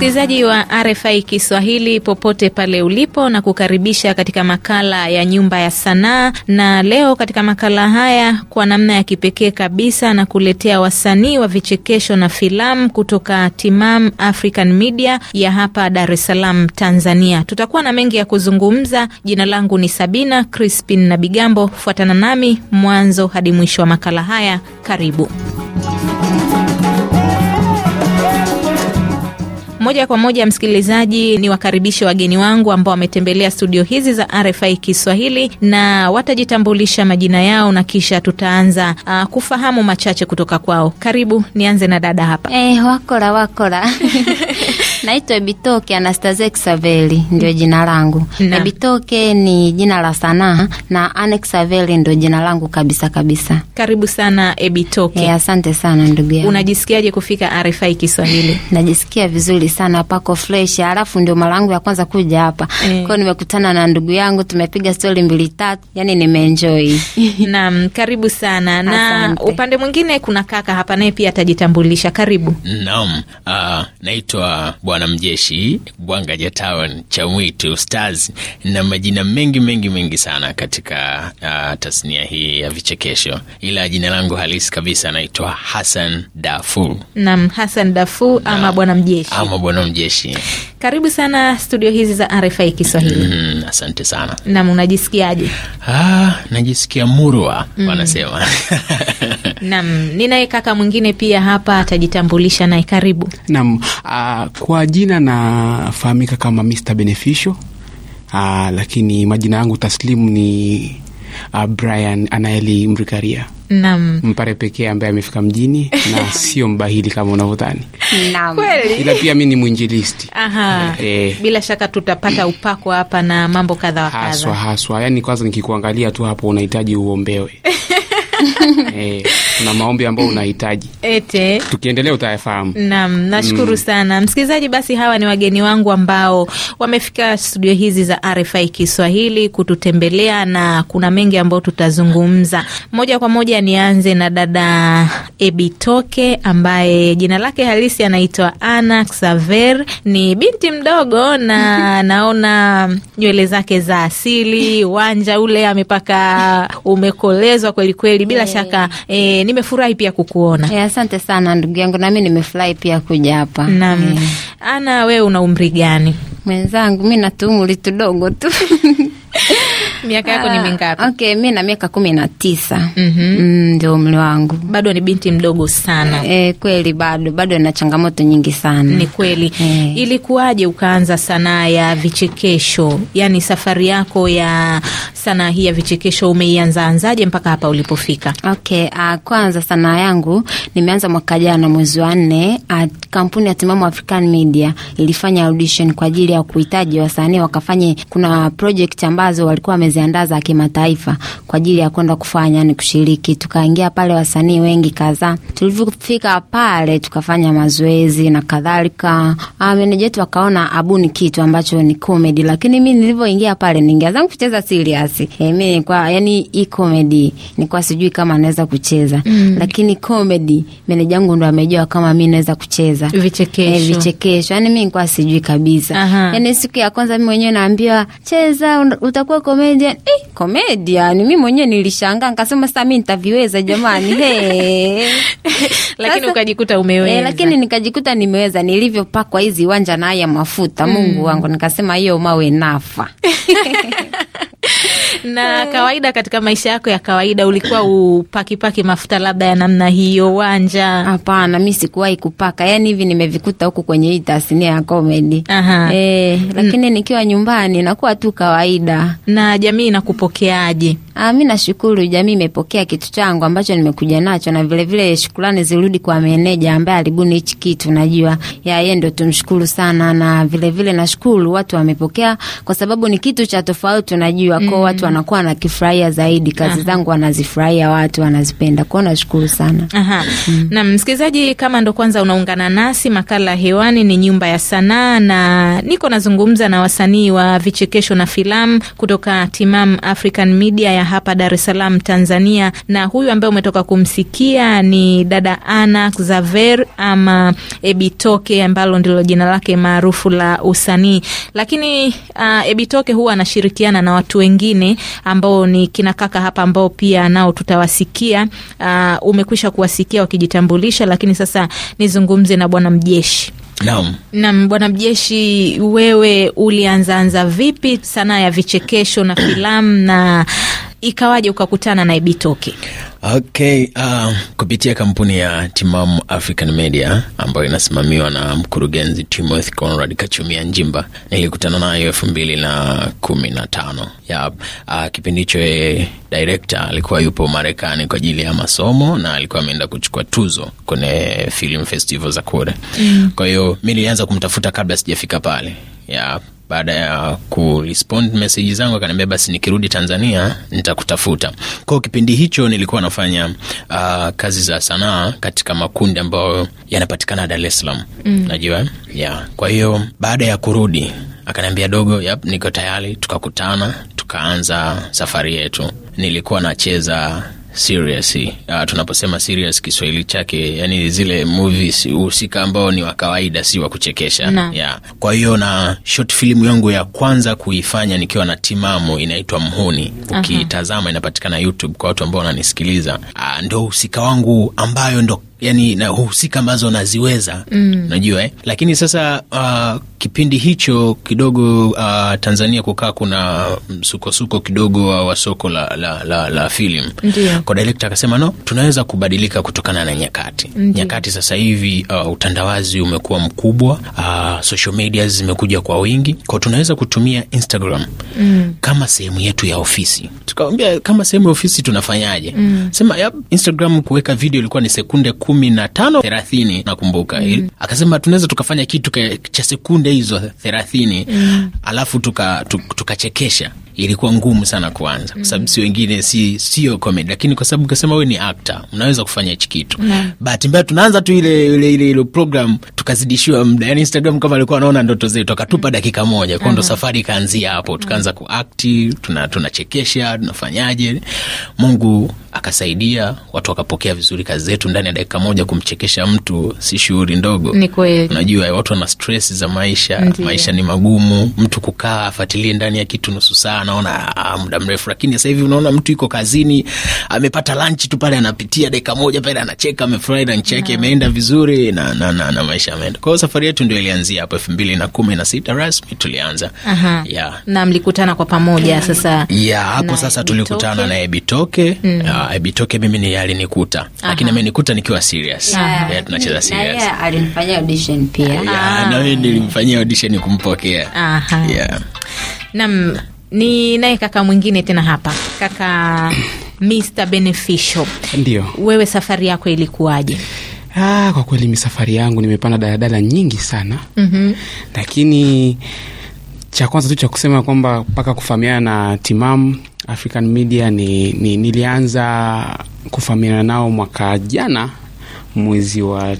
Msikilizaji wa RFI Kiswahili popote pale ulipo, na kukaribisha katika makala ya nyumba ya sanaa. Na leo katika makala haya kwa namna ya kipekee kabisa na kuletea wasanii wa vichekesho na filamu kutoka Timam African Media ya hapa Dar es Salaam, Tanzania. Tutakuwa na mengi ya kuzungumza. Jina langu ni Sabina Crispin na Bigambo. Fuatana nami mwanzo hadi mwisho wa makala haya. Karibu. Moja kwa moja, msikilizaji, ni wakaribishe wageni wangu ambao wametembelea studio hizi za RFI Kiswahili na watajitambulisha majina yao na kisha tutaanza uh, kufahamu machache kutoka kwao. Karibu, nianze na dada hapa. Eh, wakora wakora Naitwa Ebitoke Anastasia Kisaveli ndio jina langu. Ebitoke ni jina la sanaa na Anex Saveli ndio jina langu kabisa kabisa. Karibu sana Ebitoke. Eh, asante sana ndugu yangu. Unajisikiaje kufika RFI Kiswahili? Najisikia vizuri sana pako fresh. Alafu ndio mara yangu ya kwanza kuja hapa. Eh. Kwa nimekutana na ndugu yangu tumepiga story mbili tatu. Yaani nimeenjoy. Naam, karibu sana. Na asante. Upande mwingine kuna kaka hapa naye pia atajitambulisha. Karibu. Naam. Uh, naitwa Bwana Mjeshi, Bwanganya Town, mwitu Stars na majina mengi mengi mengi sana katika uh, tasnia hii ya vichekesho, ila jina langu halisi kabisa anaitwa hasan Dafu. nam hasan Dafu na, ama Bwana Mjeshi, ama Bwana Mjeshi. Karibu sana studio hizi za RFI Kiswahili. mm, asante sana. nam unajisikiaje? Ah, najisikia murwa mm. wanasema Naam, ninaye kaka mwingine pia hapa atajitambulisha naye, karibu. nam uh, ah, kwa majina jina nafahamika kama Mr Beneficio. Aa, ah, lakini majina yangu taslimu ni uh, Brian Anaeli Mrikaria nam Mpare pekee ambaye amefika mjini na sio mbahili kama unavyodhani, ila pia mi ni mwinjilisti. Aha. Eh, eh, bila shaka tutapata upako hapa na mambo kadha wa kadha, haswa haswa, yaani kwanza nikikuangalia tu hapo unahitaji uombewe. Eh kuna maombi ambayo unahitaji ete, tukiendelea utayafahamu. Naam, nashukuru mm. sana msikilizaji. Basi hawa ni wageni wangu ambao wamefika studio hizi za RFI Kiswahili kututembelea na kuna mengi ambayo tutazungumza moja kwa moja. Nianze na dada Ebitoke ambaye jina lake halisi anaitwa Ana Xaver, ni binti mdogo na naona nywele zake za asili, wanja ule amepaka, umekolezwa kwelikweli bila yeah. shaka e, nimefurahi pia kukuona. Yeah, asante sana ndugu yangu, nami nimefurahi pia kuja hapa. nam Yeah. Ana, wewe una umri gani? Mwenzangu mi na tudogo tu miaka yako ni ah, mingapi? Okay, mi na miaka kumi na tisa mhm. mm, ndio mm umri wangu. Bado ni binti mdogo sana. E, kweli bado bado na changamoto nyingi sana. Ni kweli e. Ilikuwaje ukaanza sanaa ya vichekesho? Yaani safari yako ya sanaa hii ya vichekesho umeianza anzaje mpaka hapa ulipofika? Okay, uh, kwanza sanaa yangu nimeanza mwaka jana mwezi wa nne. Uh, kampuni ya Timamu African Media ilifanya audition kwa ajili ya kuhitaji wasanii wakafanye, kuna project ambazo walikuwa wame tumeziandaa za kimataifa kwa ajili ya kwenda kufanya ni kushiriki. Tukaingia pale wasanii wengi kadhaa. Tulivyofika pale tukafanya mazoezi na kadhalika, ah, meneja wetu akaona abu ni kitu ambacho ni comedy, lakini mi nilivyoingia pale ningia zangu kucheza serious. E, eh, mi nilikuwa yani hii comedy nilikuwa sijui kama naweza kucheza mm. Lakini comedy meneja wangu ndo amejua kama mi naweza kucheza eh, vichekesho, e, vichekesho. Yani mi nikuwa sijui kabisa. Aha. Yani siku ya kwanza mi mwenyewe naambiwa cheza, utakuwa comedy comedian eh, comedian mi mwenyewe nilishanga nkasema sasa mi ntaviweza jamani lakini ukajikuta umeweza e, lakini nikajikuta nimeweza nilivyopakwa hizi wanja na haya mafuta mm. Mungu wangu nikasema hiyo mawe nafa na kawaida katika maisha yako ya kawaida ulikuwa upakipaki mafuta labda ya namna hiyo wanja? Hapana, mi sikuwahi kupaka, yani hivi nimevikuta huku kwenye hii tasnia ya komedi e, eh, lakini nikiwa nyumbani nakuwa tu kawaida. Na jamii inakupokeaje? Ah, mi nashukuru jamii imepokea kitu changu ambacho nimekuja nacho, na vilevile vile shukurani zirudi kwa meneja ambaye alibuni hichi kitu. Najua ya yeye ndo tumshukuru sana, na vilevile vile nashukuru watu wamepokea, kwa sababu ni kitu cha tofauti. Najua kwao watu mm. wanakuwa wanakifurahia zaidi kazi Aha. zangu wanazifurahia, watu wanazipenda kwao, nashukuru sana. Aha. Mm. Na msikilizaji, kama ndo kwanza unaungana nasi, makala hewani ni Nyumba ya Sanaa na niko nazungumza na wasanii wa vichekesho na filamu kutoka Timam African Media ya hapa Dar es Salaam, Tanzania. Na huyu ambaye umetoka kumsikia ni dada Ana Xavier ama Ebitoke, ambalo ndilo jina lake maarufu la usanii. Lakini uh, Ebitoke huwa anashirikiana na watu wengine ambao ni kina kaka hapa ambao pia nao tutawasikia. Uh, umekwisha kuwasikia wakijitambulisha, lakini sasa nizungumze na bwana Mjeshi. Naam. Naam, bwana Mjeshi, wewe ulianzaanza vipi sanaa ya vichekesho na filamu na ikawaje ukakutana na Ibitoke? Okay, uh, kupitia kampuni ya Timamu African Media ambayo inasimamiwa na mkurugenzi Timothy Conrad Kachumia Njimba nilikutana nayo elfu mbili na kumi na tano ya uh, kipindi hicho yeye eh, direkta alikuwa yupo Marekani kwa ajili ya masomo na alikuwa ameenda kuchukua tuzo kwenye film festival za kure mm. Kwa hiyo mi nilianza kumtafuta kabla sijafika pale ya baada ya kurespond message zangu akaniambia basi nikirudi Tanzania nitakutafuta. Kwa kipindi hicho nilikuwa nafanya uh, kazi za sanaa katika makundi ambayo yanapatikana Dar es Salaam. Mm. Najua? Yeah. Kwa hiyo baada ya kurudi akaniambia dogo, yap, niko tayari. Tukakutana tukaanza safari yetu. Nilikuwa nacheza serious uh, ah, tunaposema serious Kiswahili chake yani zile movies husika ambao ni wa kawaida, si wa kuchekesha Yeah. Kwa hiyo na short filamu yangu ya kwanza kuifanya nikiwa na timamu inaitwa Mhuni. Ukitazama inapatikana YouTube kwa watu ambao wananisikiliza. Uh, ah, ndo husika wangu ambayo ndo yani na husika ambazo naziweza mm. najua eh? Lakini sasa uh, kipindi hicho kidogo uh, Tanzania kukaa kuna msukosuko kidogo wa, wa soko la, la, la, la film Kwa direkta akasema no, tunaweza kubadilika kutokana na nyakati. Ndiyo. Nyakati sasa hivi uh, utandawazi umekuwa mkubwa uh, social media zimekuja kwa wingi, kwa tunaweza kutumia Instagram mm. kama sehemu yetu ya ofisi. tukawambia kama sehemu ya ofisi tunafanyaje? mm. Sema ya, Instagram kuweka video ilikuwa ni sekunde ku kumi na tano thelathini nakumbuka mm. Akasema tunaweza tukafanya kitu cha sekunde hizo thelathini mm. alafu tukachekesha tuka ilikuwa ngumu sana kuanza kwa sababu mm. si wengine si sio comedy, lakini kwa sababu kasema wewe ni actor, unaweza kufanya hichi kitu. yeah. Mm. Bahati mbaya tunaanza tu ile ile ile ile program, tukazidishiwa muda, yani Instagram kama alikuwa anaona ndoto zetu, akatupa mm. dakika moja kwa ndo safari ikaanzia hapo. Tukaanza kuact, tuna tunachekesha, tunafanyaje. Mungu akasaidia watu wakapokea vizuri kazi zetu Ndani ya dakika moja kumchekesha mtu si shughuri ndogo. Ni kweli, unajua watu wana stress za maisha. Ndiye. maisha ni magumu, mtu kukaa afuatilie ndani ya kitu nusu saa anaona ah, muda mrefu, lakini sasa hivi unaona mtu iko kazini, amepata lunch tu pale, anapitia dakika moja pale, anacheka, amefurahi na nchi yake imeenda vizuri na, na, na, na maisha ameenda. Kwa safari yetu ndio ilianzia hapo elfu mbili na kumi na sita rasmi tulianza. Aha. Yeah. na mlikutana kwa pamoja mm. sasa? Yeah, hapo sasa tulikutana na Ebitoke mm. Ah, uh, ah, ibitoke mimi ni alinikuta lakini amenikuta nikiwa serious yeah. yeah, tunacheza serious yeah, alinifanyia audition pia ah, yeah, na mimi nilimfanyia audition kumpokea yeah. nam ni naye kaka mwingine tena hapa kaka Mr Beneficial, ndio wewe, safari yako ilikuwaje? Ah, kwa kweli mi safari yangu nimepanda daladala nyingi sana mm -hmm. lakini cha kwanza tu cha kusema kwamba mpaka kufahamiana na timamu African Media ni, ni nilianza kufahamiana nao mwaka jana mwezi wa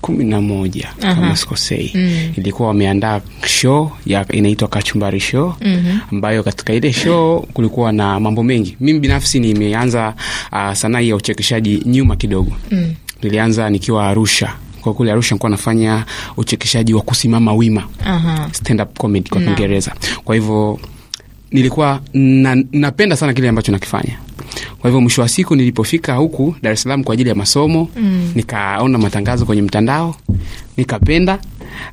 kumi na moja kama sikosei. mm. Ilikuwa wameandaa show ya inaitwa Kachumbari Show mm -hmm. ambayo katika ile show kulikuwa na mambo mengi. Mimi binafsi nimeanza uh, sanaa ya uchekeshaji nyuma kidogo. mm. Nilianza nikiwa Arusha kwa kule Arusha nilikuwa nafanya uchekeshaji wa kusimama wima uh-huh. stand up comedy kwa Kiingereza no. kwa hivyo nilikuwa na, napenda sana kile ambacho nakifanya kwa hivyo mwisho wa siku nilipofika huku Dar es Salaam kwa ajili ya masomo mm. nikaona matangazo kwenye mtandao nikapenda,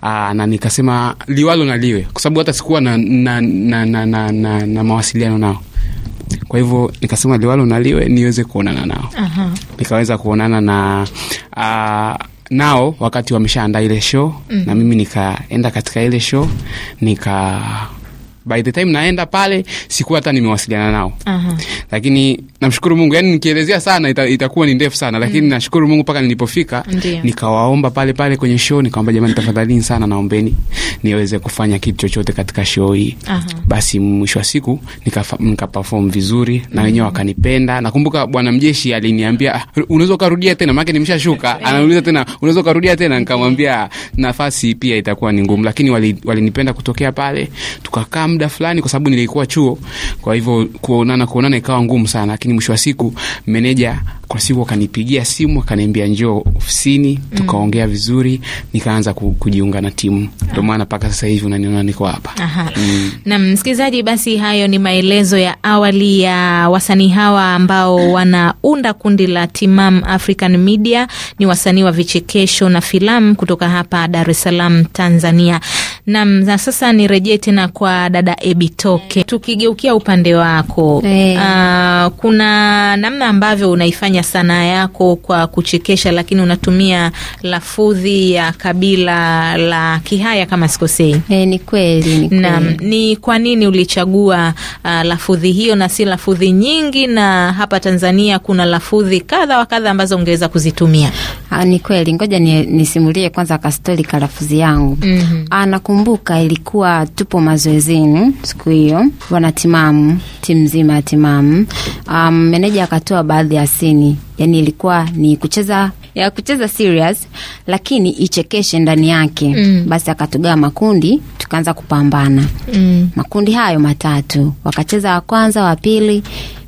aa, ah, na nikasema liwalo na liwe, kwa sababu hata sikuwa na, na, na, na, na, na, na mawasiliano nao. Kwa hivyo nikasema liwalo na liwe niweze kuonana nao. uh-huh. Nikaweza kuonana na aa, ah, nao wakati wameshaandaa ile show mm na mimi nikaenda katika ile show nika by the time naenda pale sikuwa hata nimewasiliana nao. uh-huh. Lakini namshukuru Mungu, yani nikielezea sana ita, itakuwa ni ndefu sana lakini mm. nashukuru Mungu mpaka nilipofika nikawaomba pale pale kwenye show nikaomba, jamani, tafadhalini sana naombeni niweze kufanya kitu chochote katika show hii. uh-huh. Basi mwisho wa siku nikaperform nika vizuri na mm. wenyewe mm. wakanipenda. Nakumbuka bwana mjeshi aliniambia, ah, unaweza ukarudia tena maana nimeshashuka. Anauliza tena unaweza ukarudia tena, nikamwambia nafasi pia itakuwa ni ngumu, lakini walinipenda wali kutokea pale tukakaa muda fulani, kwa sababu nilikuwa chuo, kwa hivyo kuonana kuonana ikawa ngumu sana, lakini mwisho wa siku meneja kwa siku akanipigia simu akaniambia njoo ofisini, mm. tukaongea vizuri, nikaanza kujiunga na timu, ndio maana mpaka sasa hivi unaniona niko hapa. Mm. Na msikilizaji, basi hayo ni maelezo ya awali ya wasanii hawa ambao wanaunda kundi la Timam African Media. Ni wasanii wa vichekesho na filamu kutoka hapa Dar es Salaam, Tanzania. Nam, na sasa nirejee tena kwa dada Ebi Toke, mm. tukigeukia upande wako hey. Uh, ah, kuna namna ambavyo unaifanya sanaa yako kwa kuchekesha, lakini unatumia lafudhi ya kabila la Kihaya kama sikosei. Hey, eh, ni kweli, ni kweli. Nam, ni kwa nini ulichagua uh, lafudhi hiyo na si lafudhi nyingi? Na hapa Tanzania kuna lafudhi kadha wa kadha ambazo ungeweza kuzitumia. Ha, ah, ni kweli, ngoja nisimulie ni kwanza kastori ka lafudhi yangu mm -hmm nakumbuka ilikuwa tupo mazoezini siku hiyo, wanatimamu timu nzima ya timamu. Um, meneja akatoa baadhi ya sini, yani ilikuwa ni kucheza ya kucheza serious lakini ichekeshe ndani yake mm. Basi akatugaa makundi tukaanza kupambana mm. Makundi hayo matatu wakacheza wa kwanza, wa pili,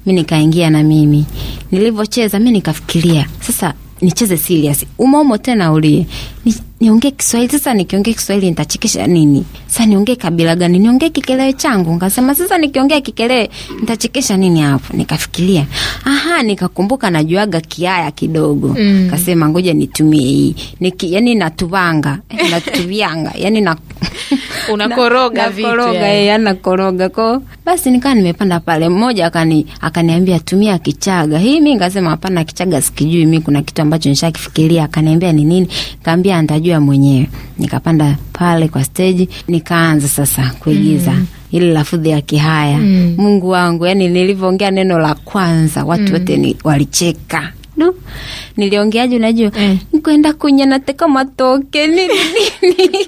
mi nikaingia na mimi nilivyocheza mi nikafikiria sasa nicheze serious umo tena ulie ni, niongee Kiswahili. Sasa nikiongee Kiswahili nitachekesha nini? Sasa niongee kabila gani? Niongee kikelewe changu? Nkasema sasa nikiongea kikelewe ntachekesha nini hapo? Nikafikiria, aha, nikakumbuka najuaga kiaya kidogo mm. Kasema ngoja nitumie hii niki, yani natuvanga natuvianga yani na unakoroga na, vitu nakoroga, yani. Ya, eh, nakoroga ko basi nikawa nimepanda pale, mmoja akani akaniambia tumia kichaga hii. Mimi ngasema hapana, kichaga sikijui mimi, kuna kitu ambacho nishakifikiria. Akaniambia ni nini? Kaambia ndajua mwenyewe. Nikapanda pale kwa stage nikaanza sasa kuigiza mm. Ile lafudhi ya Kihaya mm. Mungu wangu, yani nilivyoongea neno la kwanza watu mm. wote mm. walicheka du niliongeaje? Unajua mm. Eh. nkwenda kwenye nateka matoke nini nini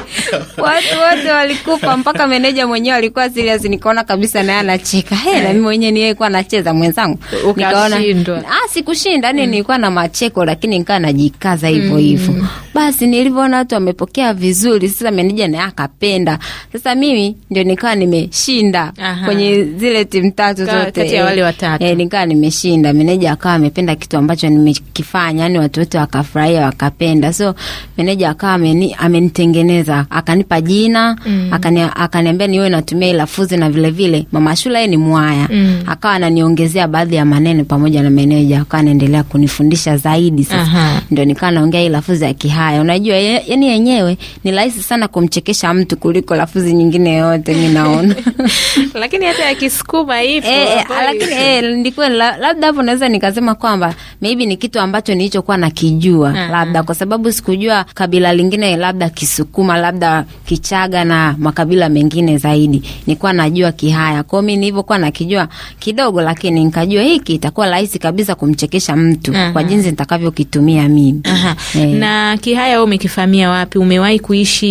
watu wote walikufa, mpaka meneja mwenyewe alikuwa serious. Nikaona kabisa naye anacheka he, na eh. mimi mwenyewe niye kuwa nacheza mwenzangu, nikaona ah, sikushinda yani mm. nilikuwa na macheko, lakini nikaa najikaza hivyo mm. hivyo. Basi nilivyoona watu wamepokea vizuri, sasa meneja naye akapenda. Sasa mimi ndio nikawa nimeshinda kwenye zile timu tatu zote, kati ya wale watatu eh, nikawa nimeshinda, meneja akawa amependa wanapenda kitu ambacho nimekifanya, yani watu wote wakafurahia wakapenda. So meneja akawa ameni, amenitengeneza akanipa jina mm. akani, akaniambia niwe natumia ilafuzi na vilevile vile mama Shula ni mwaya mm. akawa ananiongezea baadhi ya maneno pamoja na meneja akawa anaendelea kunifundisha zaidi. Sasa ndio nikawa naongea ilafuzi ya Kihaya. Unajua yani yenyewe ni rahisi sana kumchekesha mtu kuliko lafuzi nyingine yoyote ninaona lakini hata ya Kisukuma hivyo e, eh, eh, lakini e, eh, ndikuwe labda hapo naweza nikasema kwa kwamba maybe ni kitu ambacho nilichokuwa nakijua uh -huh. labda kwa sababu sikujua kabila lingine, labda Kisukuma, labda Kichaga na makabila mengine zaidi, nikuwa najua Kihaya. kwao mi nilivyokuwa nakijua kidogo, lakini nkajua hiki itakuwa rahisi kabisa kumchekesha mtu uh -huh. kwa jinsi nitakavyokitumia mimi eh. Na Kihaya umekifamia wapi? Umewahi kuishi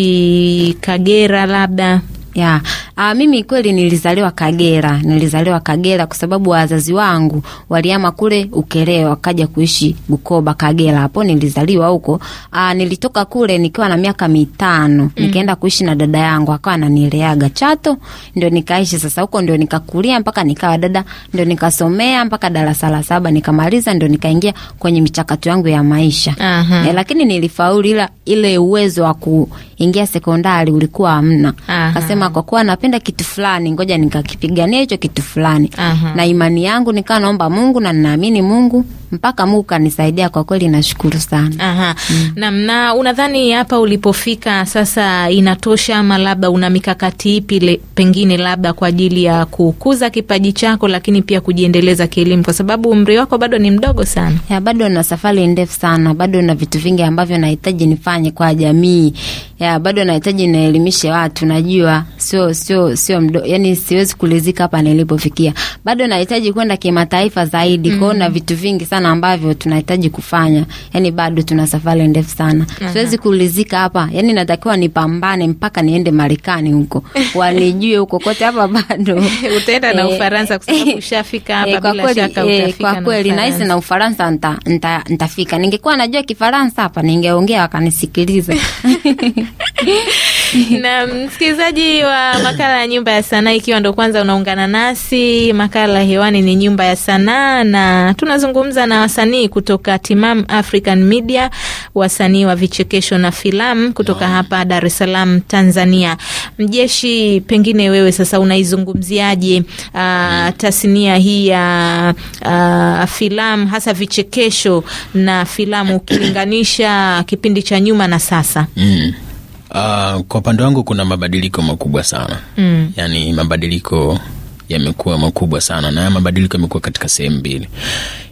Kagera labda? Yeah. Uh, mimi kweli nilizaliwa Kagera, nilizaliwa Kagera kwa sababu wazazi wangu waliama kule Ukerewe wakaja kuishi Bukoba Kagera. Hapo nilizaliwa huko. Uh, nilitoka kule nikiwa na miaka mitano, mm. nikaenda kuishi na dada yangu akawa ananileaga Chato, ndio nikaishi sasa huko ndio nikakulia mpaka nikawa dada, ndio nikasomea mpaka darasa la saba nikamaliza ndio nikaingia kwenye michakato yangu ya maisha. Uh -huh. Eh, lakini nilifaulu ila ile uwezo wa ku ingia sekondari ulikuwa amna. Kasema kwa kuwa napenda kitu fulani, ngoja nikakipigania hicho kitu fulani. Aha. Na imani yangu nikawa naomba Mungu na ninaamini Mungu mpaka Mungu kanisaidia kwa kweli, nashukuru sana. Aha. Mm. Na, na unadhani hapa ulipofika sasa inatosha ama labda una mikakati ipi le, pengine labda kwa ajili ya kukuza kipaji chako lakini pia kujiendeleza kielimu kwa sababu umri wako bado ni mdogo sana? Ya, bado na safari ndefu sana, bado na vitu vingi ambavyo nahitaji nifanye kwa jamii ya ya bado nahitaji naelimishe watu, najua sio sio sio mdo, yani siwezi kulizika hapa nilipofikia, bado nahitaji kwenda kimataifa zaidi. Mm. Kwao na vitu vingi sana ambavyo tunahitaji kufanya, yani bado tuna safari ndefu sana. Uh -huh. Siwezi kulizika hapa, yani natakiwa nipambane mpaka niende Marekani huko wanijue huko kote, hapa bado utaenda na eh, Ufaransa kwa sababu eh, ushafika eh, hapa, bila shaka utafika. Kwa kweli nahisi na Ufaransa nitafika, ningekuwa najua Kifaransa hapa ningeongea wakanisikiliza. na msikilizaji wa makala ya Nyumba ya Sanaa, ikiwa ndo kwanza unaungana nasi, makala hewani ni Nyumba ya Sanaa na tunazungumza na wasanii kutoka Timam African Media, wasanii wa vichekesho na filamu kutoka no. hapa Dar es Salaam, Tanzania. Mjeshi, pengine wewe sasa unaizungumziaje uh, hmm. tasnia hii ya uh, filamu hasa vichekesho na filamu ukilinganisha kipindi cha nyuma na sasa? mm. Uh, kwa upande wangu kuna mabadiliko makubwa sana mm. Yani mabadiliko yamekuwa makubwa sana, na haya mabadiliko yamekuwa katika sehemu mbili.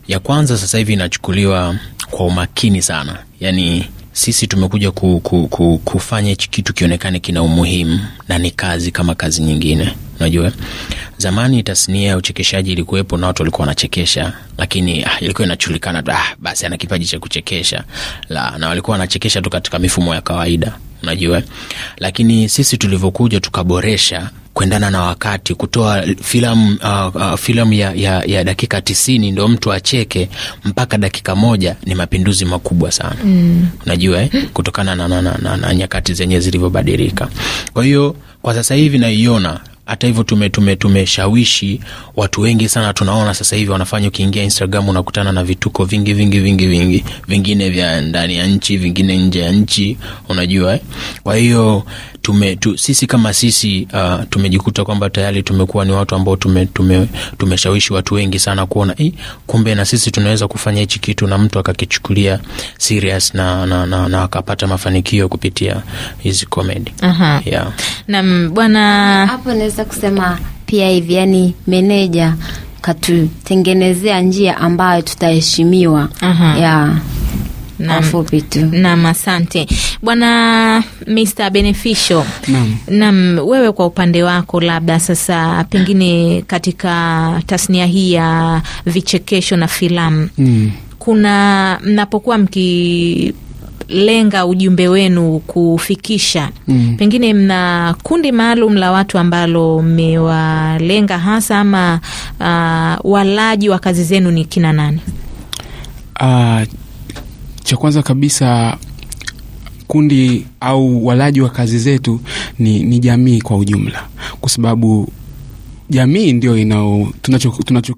Ya kwanza sasa hivi inachukuliwa kwa umakini sana, yani sisi tumekuja ku, ku, ku, kufanya hichi kitu kionekane kina umuhimu na ni kazi kama kazi nyingine, unajua Zamani tasnia ya uchekeshaji ilikuwepo na watu walikuwa wanachekesha, lakini ah, ilikuwa inachulikana ah, basi ana kipaji cha kuchekesha la, na walikuwa wanachekesha tu katika mifumo ya kawaida, unajua. Lakini sisi tulivyokuja tukaboresha kuendana na wakati, kutoa filamu uh, uh, filamu ya, ya, ya dakika tisini ndo mtu acheke mpaka dakika moja, ni mapinduzi makubwa sana mm. Unajua eh? kutokana na, na, na, na, na nyakati zenye zilivyobadilika. Kwa hiyo kwa sasa hivi naiona hata hivyo tumeshawishi tume, tume watu wengi sana, tunaona sasa hivi wanafanya. Ukiingia Instagram unakutana na vituko vingi vingi vingi vingi, vingine vya ndani ya nchi, vingine nje ya nchi, unajua eh? kwa hiyo tume, tu, sisi kama sisi uh, tumejikuta kwamba tayari tumekuwa ni watu ambao tumeshawishi tume, tume watu wengi sana kuona eh, kumbe na sisi tunaweza kufanya hichi kitu na mtu akakichukulia serious na, na, na, na akapata mafanikio kupitia hizi comedy. Yeah. Na bwana hapo naweza kusema pia hivi, yani meneja katutengenezea njia ambayo tutaheshimiwa. Yeah na asante bwana Mr Beneficio. nam wewe kwa upande wako, labda sasa pengine katika tasnia hii ya vichekesho na filamu mm, kuna mnapokuwa mki lenga ujumbe wenu kufikisha mm. Pengine mna kundi maalum la watu ambalo mmewalenga hasa ama, uh, walaji wa kazi zenu ni kina nani? Uh, cha kwanza kabisa kundi au walaji wa kazi zetu ni, ni jamii kwa ujumla, kwa sababu jamii ndio inao tunachokifanya tunacho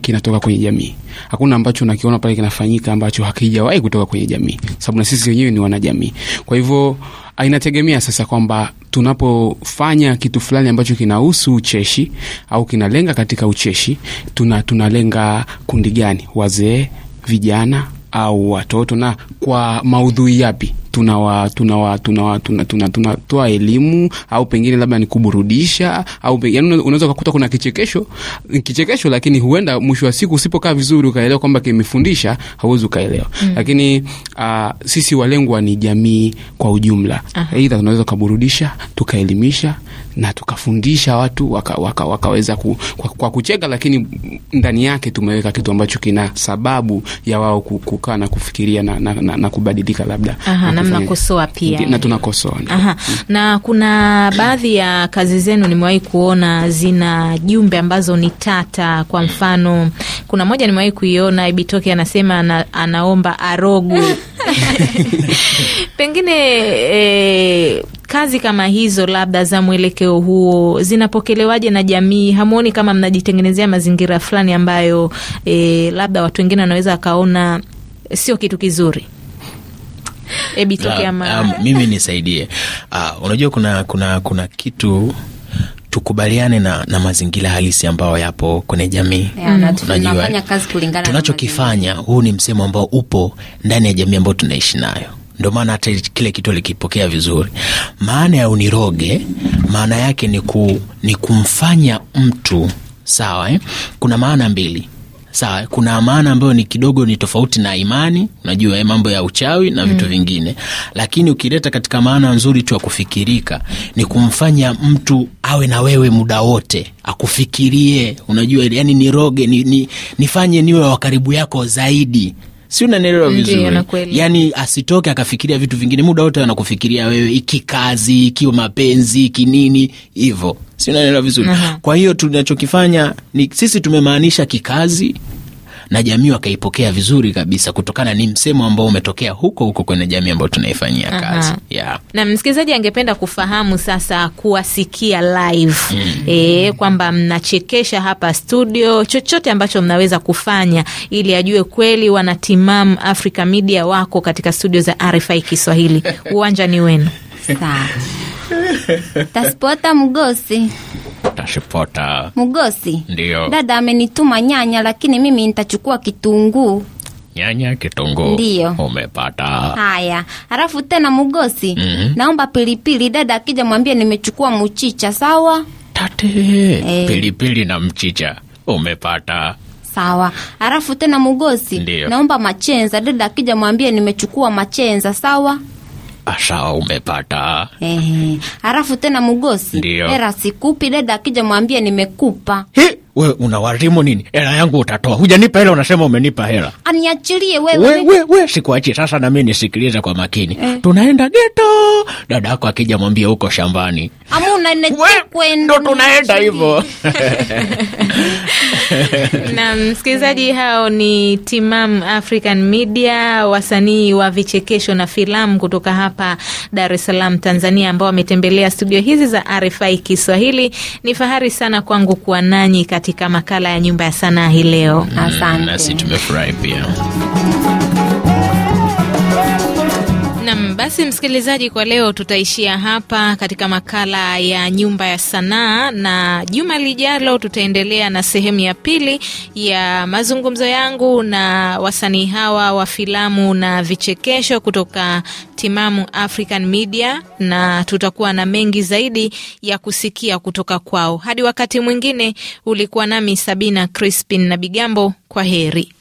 kinatoka kwenye jamii. Hakuna ambacho nakiona pale kinafanyika ambacho hakijawahi kutoka kwenye jamii, sababu na sisi wenyewe ni wanajamii. Kwa hivyo inategemea sasa kwamba tunapofanya kitu fulani ambacho kinahusu ucheshi au kinalenga katika ucheshi, tunalenga tuna kundi gani? Wazee, vijana au watoto na kwa maudhui yapi? tunawatoa tunawa, tunawa, tuna, tuna, tuna, elimu au pengine labda ni kuburudisha au yani unaweza ukakuta kuna kichekesho kichekesho, lakini huenda mwisho wa siku usipokaa vizuri ukaelewa kwamba kimefundisha, hauwezi ukaelewa mm. Lakini uh, sisi walengwa ni jamii kwa ujumla, aidha tunaweza tukaburudisha, tukaelimisha na tukafundisha watu waka, waka, wakaweza ku, kwa, kwa kucheka, lakini ndani yake tumeweka kitu ambacho kina sababu ya wao kukaa na kufikiria na, na, na, na kubadilika labda Aha, na mnakosoa pia na tunakosoa. Aha. Mm. Na kuna baadhi ya kazi zenu nimewahi kuona zina jumbe ambazo ni tata. Kwa mm. mfano, kuna moja nimewahi kuiona Ibitoke anasema ana, anaomba arogu pengine e, kazi kama hizo labda za mwelekeo huo zinapokelewaje na jamii? Hamuoni kama mnajitengenezea mazingira fulani ambayo e, labda watu wengine wanaweza wakaona sio kitu kizuri? tokea mara. Mimi nisaidie. Uh, unajua kuna kuna kuna kitu tukubaliane na, na mazingira halisi ambayo yapo kwenye jamii yeah, tunachokifanya. Huu ni msemo ambao upo ndani ya jamii ambayo tunaishi nayo ndo maana hata kile kitu alikipokea vizuri. Maana ya uniroge, maana yake ni, ku, ni kumfanya mtu sawa eh? Kuna maana mbili sawa, kuna maana ambayo ni kidogo ni tofauti na imani, unajua eh, mambo ya uchawi na vitu mm. vingine, lakini ukileta katika maana nzuri tu ya kufikirika, ni kumfanya mtu awe na wewe muda wote, akufikirie, unajua yani niroge, ni, ni, nifanye niwe wa karibu yako zaidi si unanielewa vizuri? Yani asitoke akafikiria vitu vingine, muda wote anakufikiria wewe, iki kazi, iki mapenzi, iki nini si unanielewa vizuri? Kwa hiyo tunachokifanya ni sisi tumemaanisha kikazi na jamii wakaipokea vizuri kabisa, kutokana ni msemo ambao umetokea huko huko kwenye jamii ambayo tunaifanyia kazi yeah. Na msikilizaji angependa kufahamu sasa, kuwasikia live mm. E, kwamba mnachekesha hapa studio, chochote ambacho mnaweza kufanya ili ajue kweli wanatimam Africa Media wako katika studio za RFI Kiswahili. Uwanja ni wenu. Sawa. Taspota mgosi Shipota. Mugosi, ndio dada amenituma nyanya, lakini mimi nitachukua kitunguu. Nyanya, kitunguu, ndio umepata. Haya, halafu tena Mugosi, mm -hmm. naomba pilipili. Dada akija mwambie nimechukua mchicha, sawa? Tate, eh. pilipili na mchicha umepata Sawa. Halafu tena Mugosi, naomba machenza. Dada akija mwambie nimechukua machenza, sawa? Asha umepata. Ehe. tena Mugosi. era sikupi, dada akija mwambie nimekupa. He, we unawarimu nini? Hela yangu utatoa. Hujanipa hela unasema umenipa hela. Aniachilie wewe. We, we, we sikuachie sasa na mimi nisikilize kwa makini. Eh. Tunaenda geto. Dada yako akija mwambie huko shambani. Amuna nete Ndo tunaenda hivyo. Naam, msikilizaji, hao ni Timam African Media, wasanii wa vichekesho na filamu kutoka hapa Dar es Salaam, Tanzania, ambao wametembelea studio hizi za RFI Kiswahili. Ni fahari sana kwangu kuwa nanyi katika makala ya Nyumba ya Sanaa hii leo. Mm, Asante. Nasi tumefurahi pia. Basi msikilizaji, kwa leo tutaishia hapa katika makala ya nyumba ya sanaa, na juma lijalo tutaendelea na sehemu ya pili ya mazungumzo yangu na wasanii hawa wa filamu na vichekesho kutoka Timamu African Media, na tutakuwa na mengi zaidi ya kusikia kutoka kwao. Hadi wakati mwingine, ulikuwa nami Sabina Crispin na Bigambo. Kwa heri.